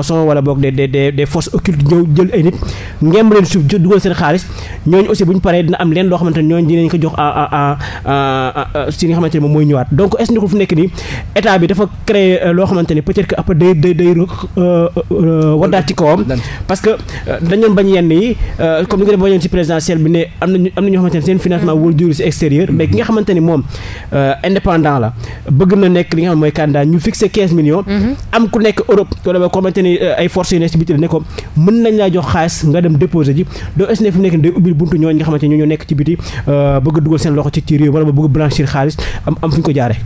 xaalis ñooñu aussi bu ñu paree dina am leen loo xamante ne ñooñu dinañ ko jox à si nga moom mooy ñëwaat donc parce que euh, dañoon bañ yenn yi euh, comme ni ko def bañoon ci présidentielle bi ne am na ñoo xamante seen financement mm-hmm. wul jóge ci extérieur mais ki nga xamante moom euh, indépendant la bëgg na nekk li nga xam mooy candidat ñu fixé quinze mm-hmm. am ku nekk Europe wala ba ko xamante ay forces yu nekk ne ko mën nañ laa jox xaalis nga dem déposer ji doo est-ce que nekk ni day ubbil buntu ñooñu nga xamante ne ñoo nekk ci biti euh, bëgg a dugal seen loxo ci ci réew wala bëgg blanchir xaalis am am ñu ko jaare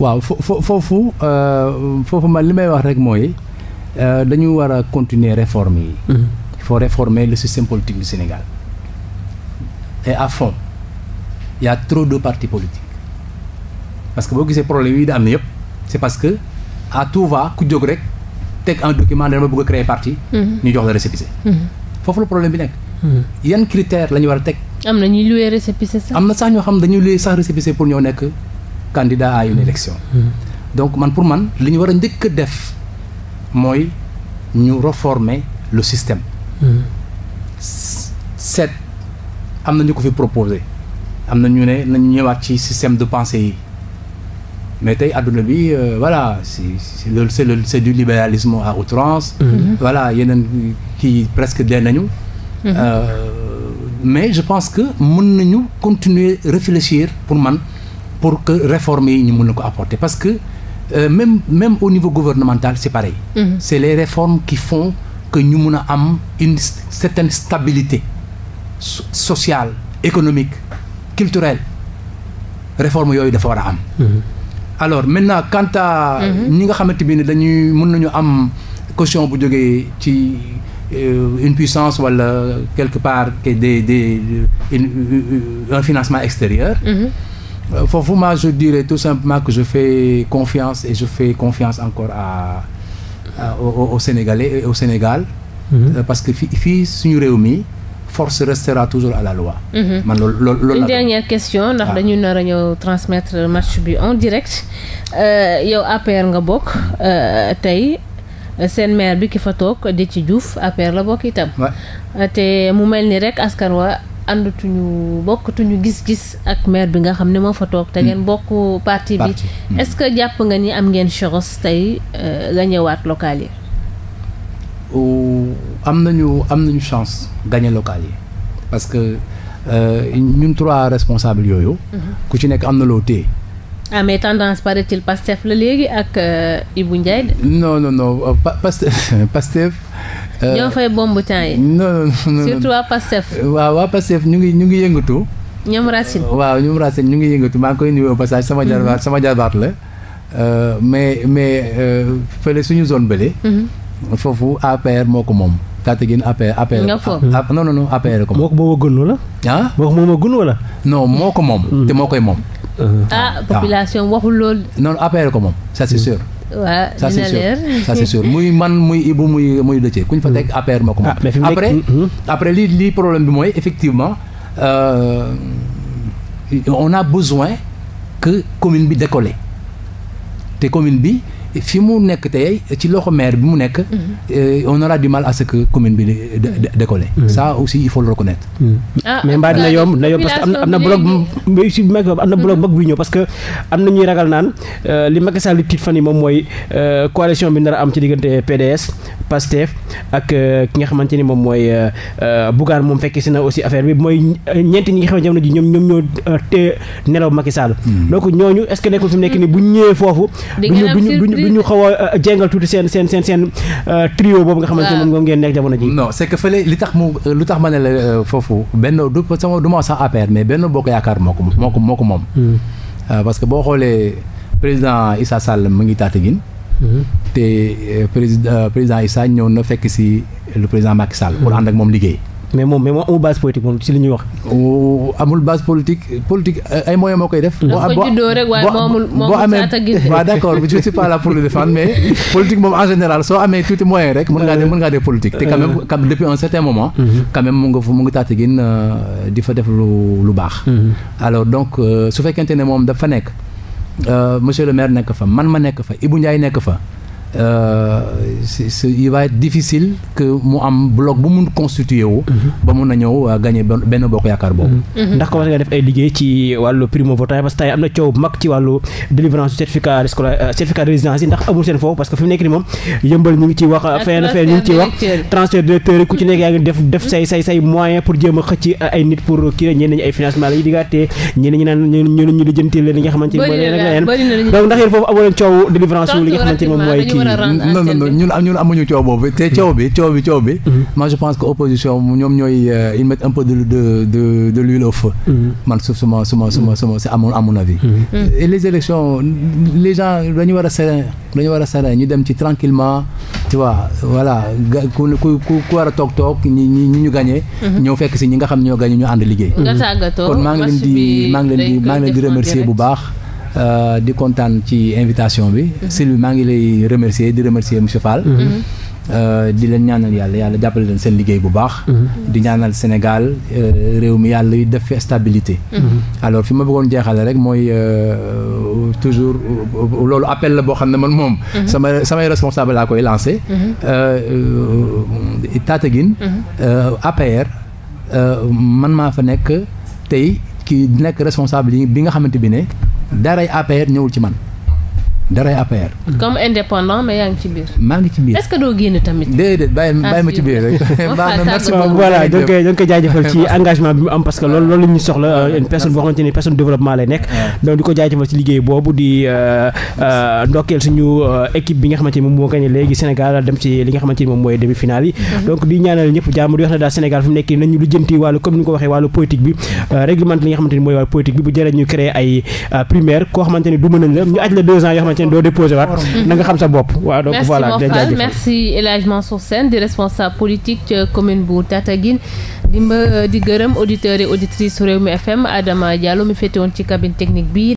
waaw fo foofu euh, foofu man li may wax rek mooy euh, dañu war a continuer réforme yi mm-hmm. il faut réformer le système politique du Sénégal et à fond il trop de partis politiques parce que boo gisee problème yi da am na yëpp c'est parce que à tout va ku jóg rek teg un document dama bëgg créer parti mm-hmm. ñu jox la récépissé mm-hmm. foofu la problème Hmm. yan critère la ñu war a teg. am na ñuy loué récépissé sax. am na sax ñoo xam dañuy loué sax récépissé pour ñoo nekk candidat à une hmm. élection. Hmm. donc man pour man li ñu war a njëkk a def mooy ñu réformer le système. set am na ñu ko fi proposé am na ñu ne nañu ñëwaat ci système de pensée yi mais tey adduna bi wala si si loolu c'est le c'est du libéralisme à outrance. voilà yeneen kii presque dee nañu. Euh, mais je pense que mën nañu continuer réfléchir pour man pour que réformes yi ñu mun na ko apporter parce que euh, même même au niveau gouvernemental c'est pareil. Mm-hmm. c'est les réformes qui font que ñu mun a am une certaine stabilité sociale économique culturelle réforme yooyu dafa war a am. Mm-hmm. alors maintenant quant à. Mm-hmm. ñi nga xamante bi ne dañuy mën nañu am question bu jógee ci. Euh, une puissance wala quelque part que des des une, euh, un financement extérieur. Mm je dirais tout simplement que je fais confiance et je fais confiance encore à, à au, au mm-hmm. parce que fii fii suñu réew mi. force restera toujours à la loi. Mm-hmm. man loolu une dernière question ndax ah. dañu nar a match bi en direct yow APR nga bokk tey. seen maire bi ki fa toog ci Diouf APR la bokk itam. te mu mel ni rek askan wa àndatuñu bokkatuñu gis-gis ak maire bi nga xam ne moo fa toog. te hmm. ngeen bokk parti bi. Hmm. est-ce que jàpp nga ni am ngeen chance tey euh, gañewaat local yi. am nañu am nañu chance gagné yi parce que euh, ñun euh, trois responsables yooyu. Hmm. ku ci nekk am na loo téye. ah mais tendance paraît-il Pastef la léegi ak euh, Ibou Ndiaye. non non non euh, Pastef Pastef. Euh, ñoo fay bomb temps yi. non non surtout waa Pastef. waaw waa ñu ngi ñu ngi yëngatu. ñoom ñu ngi yëngatu maa ngi koy nuyu sama jarbaat mhm. sama jarbaat la. mais mais suñu zone bële. Mhm. foofu APR moo ko moom. Mhm. Ah, ko moom. Ah? moo ko moom. te moo koy moom. Euh, ah, ah population waxul loolu. non affaire ko moom ça c'est mm. sûr. waaw ça c'est sûr ça c'est sûr muy man muy Ibou muy muy Dëcce kuñ fa mm. teg affaire moo ko moom. Ah, après mm-hmm. après li li problème bi mooy effectivement euh, on a besoin que commune bi décolle te commune bi. fi mu nekk tey ci loxo maire bi mu nekk. Mm. Eh, on aura du mal à que commune bi décoller. Mm. ça aussi il faut le reconnaître. Mm. Ah, mais mbaa dina yoom dina yoom parce am na am na bloc bu ma bu am na bloc mag bu ñëw parce que am na ñuy ragal naan euh, li Macky Sall li tiit fan yi moom mooy euh, coalition bi nar a am ci diggante PDS. Pastef ak euh, ki nga xamante ni moom mooy euh, euh, Bougane moom fekkee si na aussi affaire bi mooy ñeenti ñi nga xamante ne ji ñoom ñoom ñoo te nelaw Macky Sall hmm. donc ñooñu est nekkul fi mu nekk nii bu ñu ñëwee foofu duñu duñu du ñu xaw a jengal tuuti seen seen seen seen trio boobu nga xamante ne moom ngeen nekk jamono ji non c'est fële li tax mu lu tax ma ne la foofu benn du sama du ma sax APR mais benn bokk yaakaar moo ko moo ko moo ko moom hmm. parce que boo xoolee président Issa Sall mu ngi Tataguine te euh, euh, président président Issa ñëw na fekk si le président Macky Sall. pour ànd ak moom liggéey. mais moom mais moom amul base politique moom ci li ñuy wax. Oh, amul base politique politique euh, ay moyens moo koy def. boo boo amee waaw d' accord je suis pas là pour le défendre mais politique moom en général soo amee tuuti moyen rek. mën ngaa def mën te quand depuis un certain moment. Mm-hmm. quand même nga mu ngi di fa def lu lu baax. Mm-hmm. alors donc su fekkente ne moom dafa nekk. Euh, monsieur le maire nekk fa man ma nekk fa ibu Ndiaye nekk fa Euh, c' il va être difficile que mu am bloc bu mun constitué mhm. ba mun a ñëw euh, gagné benn bokk yaakaar boobu. Mhm. Mhm. ndax commencé nga def ay liggéey ci wàllu primo votant parce que am na coow mag ci wàllu délivrance certificat scolaire euh, certificat résidence yi ndax amul seen foofu parce que fi mu nekk nii moom yëmbal ñu ngi ci wax. fenn fenn ñu ngi ci wax transfert directeur yi ku ci nekk yaa ngi def def say a xëcc ay nit mooy. bëri na la bëri ndax yéen foofu amoo coow délivrance li nga xamante ni war a rendre non non ñun ñun amuñu coow boobu te coow bi coow bi coow bi. Mhm. moi je pense que opposition ñoom ñooy euh, ils mettent un peu de de de au feu. Mhm. man suuf suma suma suma suma c'est à mon à mon avis. Mhm. les élections les gens dañu war a serein a ñu dem ci tranquillement tu vois ku war a toog toog ñi ñu gagné. ñoo fekk si ñi nga xam ñoo gagné ñu ànd liggéey. Mm-hmm. kon maa ngi leen di maa ngi leen di maa bu baax. Euh, di kontaan ci invitation bi. Mhm. Sylvie maa ngi lay remercier di remercier monsieur Fall. Mhm. Euh, di leen ñaanal yàlla yàlla jàppale la seen liggéey bu baax. Mhm. di ñaanal Sénégal euh, réew mi yàlla yu def fi stabilité. alors fi ma bëggoon jeexale rek mooy toujours loolu appel la boo xam ne man moom. sama samay responsable laa koy lancé. Tataguine. APR man maa fa nekk tey ki nekk responsable yi bi nga xamante bi ne. daray APR ñëwul ci man daray APR. comme indépendant mais yaa ngi ci biir. maa que doo génn tamit. déedéet bàyyi ah, bàyyi ma ci biir rek. baax na euh, euh, ci engagement mu am parce que loolu loolu soxla euh, une boo xamante ni personne développement li nga xamante mhm. nii mooy wàllu politique bi bu jëree ñu ay primaire koo xamante ni du mën nañ la ñu aj la deux ans xamante ne doo déposé waat na xam sa bopp waaw donc voilà merci El Hadj Mansour Sène di responsable politique ci euh, commune bu Tataguine di mba euh, di gërëm auditeurs et auditrices Rewmi FM Adama Diallo mi féete ci cabine technique bi